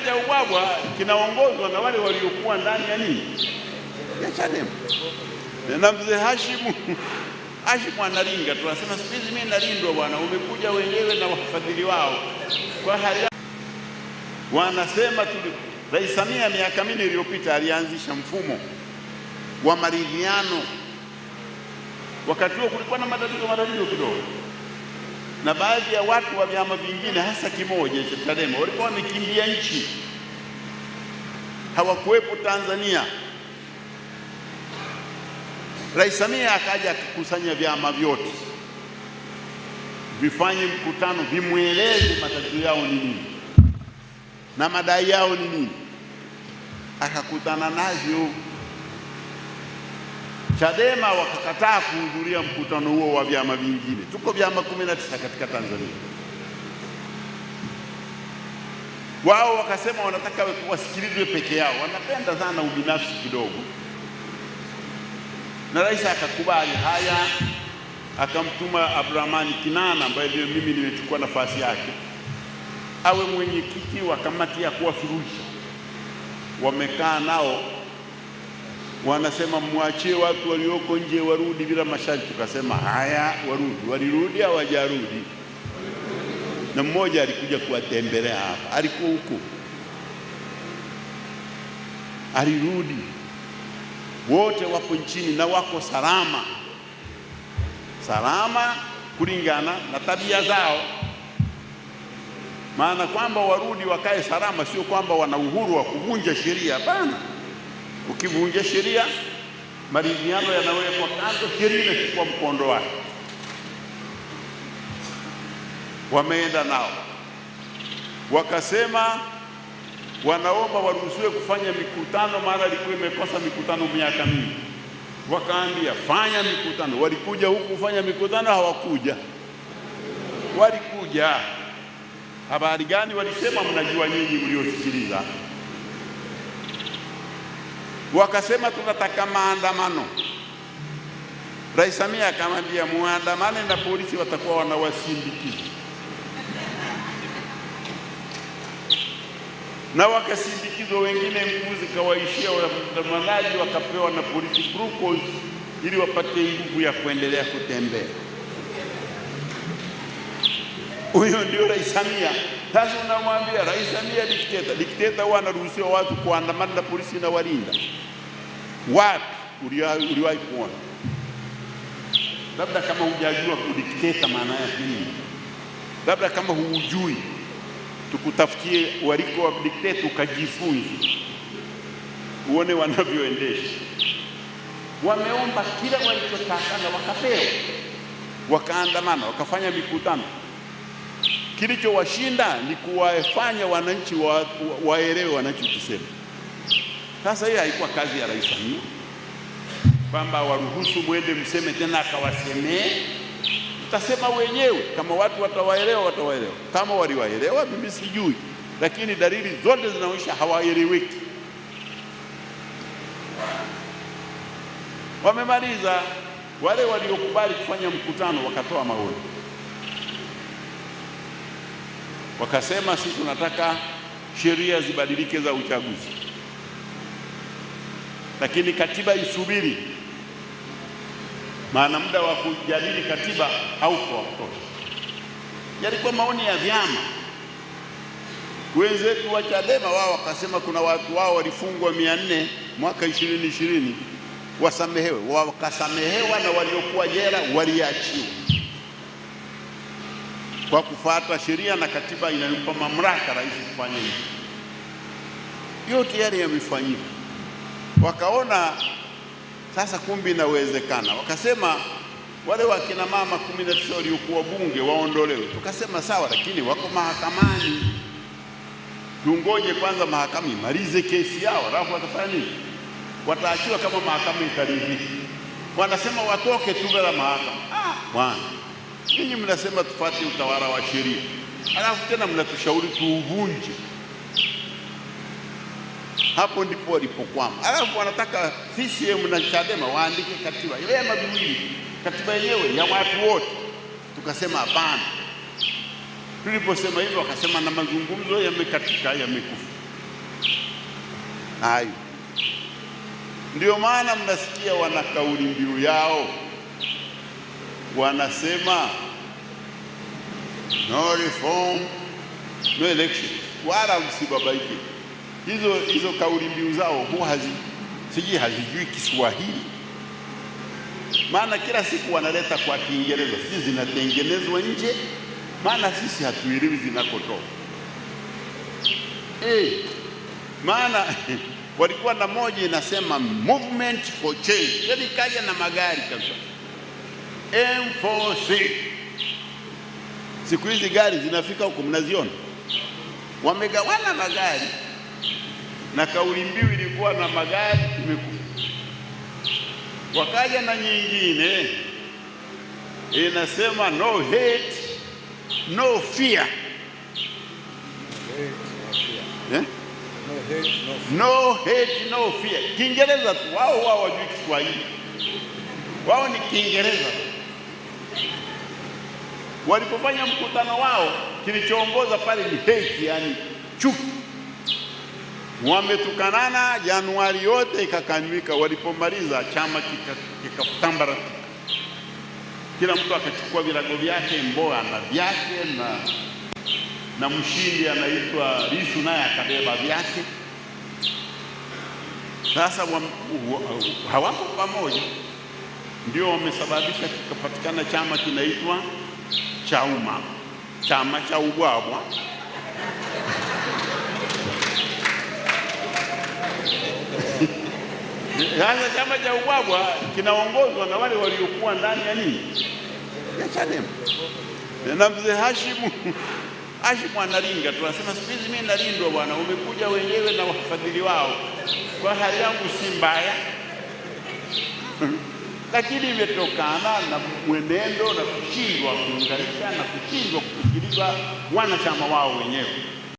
chama cha UBWABWA kinaongozwa na wale waliokuwa ndani ya nini ya Chadema na mzee Hashimu Hashimu analinga, tunasema siku hizi mimi nalindwa bwana, umekuja wenyewe na wafadhili wao kwa hali wanasema tu. Rais Samia miaka minne iliyopita alianzisha mfumo wa maridhiano, wakati huo kulikuwa na matatizo matatizo kidogo na baadhi ya watu wa vyama vingine hasa kimoja cha Chadema walikuwa wamekimbia nchi, hawakuwepo Tanzania. Rais Samia akaja akikusanya vyama vyote vifanye mkutano, vimweleze matatizo yao ni nini na madai yao ni nini, akakutana nazo. Chadema wakakataa kuhudhuria mkutano huo wa vyama vingine. Tuko vyama kumi na tisa katika Tanzania. Wao wakasema wanataka wasikilizwe peke yao, wanapenda sana ubinafsi kidogo, na rais akakubali haya, akamtuma Abdurahmani Kinana ambaye ndio mimi nimechukua nafasi yake awe mwenyekiti wa kamati ya kuwafurulisha. Wamekaa nao wanasema mwachie watu walioko nje warudi bila masharti. Tukasema haya, warudi. Walirudi hawajarudi? Na mmoja alikuja kuwatembelea hapa, alikuwa huko, alirudi. Wote wapo nchini na wako salama salama kulingana na tabia zao. Maana kwamba warudi wakae salama, sio kwamba wana uhuru wa kuvunja sheria, hapana. Ukivunja sheria, maridhiano yanawekwa kando, sheria inachukua mkondo wake. Wameenda nao wakasema wanaomba waruhusiwe kufanya mikutano, mara alikuwa imekosa mikutano miaka mingi. Wakaambia fanya mikutano, walikuja huku kufanya mikutano, hawakuja. Walikuja habari gani? Walisema mnajua nyinyi mliosikiliza Wakasema tunataka maandamano. Rais Samia akamwambia muandamane na polisi watakuwa wanawasindikiza, na wakasindikizwa wengine, nguvu zikawaishia waandamanaji, wakapewa na polisi glucose ili wapate nguvu ya kuendelea kutembea. Huyo ndio Rais Samia. Sasa unamwambia Rais Samia dikteta. Dikteta huwa anaruhusiwa watu kuandamana na polisi na walinda. Wapi uliwahi kuona? Labda kama hujajua kudikteta maana yake nini, labda kama huujui, tukutafutie waliko wa dikteta ukajifunze, uone wanavyoendesha. Wameomba kila walichotaka na wakapewa, wakaandamana, wakafanya mikutano. Kilichowashinda ni kuwafanya wananchi wa, waelewe wanachokisema. Sasa hiyo haikuwa kazi ya Rais Samia kwamba waruhusu mwende mseme tena akawasemee. utasema wenyewe, kama watu watawaelewa watawaelewa, kama waliwaelewa mimi sijui, lakini dalili zote zinaonyesha hawaeleweki. Wamemaliza. Wale waliokubali kufanya mkutano wakatoa maoni wakasema si tunataka sheria zibadilike za uchaguzi, lakini katiba isubiri, maana muda wa kujadili katiba hauko wa kutosha. Yalikuwa maoni ya vyama wenzetu wa Chadema, wao wakasema kuna watu wao walifungwa mia nne mwaka ishirini ishirini wasamehewe, wakasamehewa na waliokuwa jela waliachiwa kwa kufuata sheria na katiba inayompa mamlaka rais kufanya hivyo. Yote tayari yamefanyika, wakaona sasa kumbi inawezekana, wakasema wale wakina mama kumi na tisa waliokuwa bunge waondolewe. Tukasema sawa, lakini wako mahakamani, tungoje kwanza mahakama imalize kesi yao, alafu watafanya nini? Wataachiwa kama mahakama itaridhika. Wanasema watoke tu la mahakama. Ah, bwana Ninyi mnasema tufate utawala wa sheria, alafu tena mnatushauri tuuvunje. Hapo ndipo walipokwama. Alafu wanataka CCM na Chadema waandike katiba vyema viwili, katiba yenyewe ya watu wote. Tukasema hapana. Tuliposema hivyo, wakasema na mazungumzo yamekatika, yamekufa. Hayo ndio maana mnasikia wana kauli mbiu yao wanasema no reform no election, wala msibabaike. Hizo hizo kauli mbiu zao huwa hazi sijui hazijui Kiswahili, maana kila siku wanaleta kwa Kiingereza, sisi zinatengenezwa nje, maana sisi hatuelewi zinakotoka eh, maana walikuwa na moja inasema movement for change, yani kaja na magari kabisa m 4 Siku hizi gari zinafika huko, mnaziona, wamegawana magari na kauli mbiu ilikuwa na magari imekufa, wakaja na nyingine inasema no hate no fear, eh? no hate no fear. Kiingereza tu wao, wao wajui Kiswahili, wao ni Kiingereza. Walipofanya mkutano wao, kilichoongoza pale ni hate, yani chuki. Wametukanana Januari yote ikakanyika. Walipomaliza chama kikatambaratika, kika kila mtu akachukua virago vyake, mboa na vyake na na mshindi anaitwa Lissu naye akabeba vyake. Sasa hawapo pamoja, ndio wamesababisha kikapatikana chama kinaitwa chauma chama cha ubwabwa sasa yaani chama cha ubwabwa kinaongozwa na wale waliokuwa ndani ya nini ya Chadema na mzee Hashimu Hashimu analinga tu, anasema siku hizi mimi nalindwa bwana, umekuja wenyewe na wafadhili wao, kwa hali yangu si mbaya lakini imetokana na mwenendo na kushindwa kuunganisha na kushindwa kusikiliza wanachama wao wenyewe.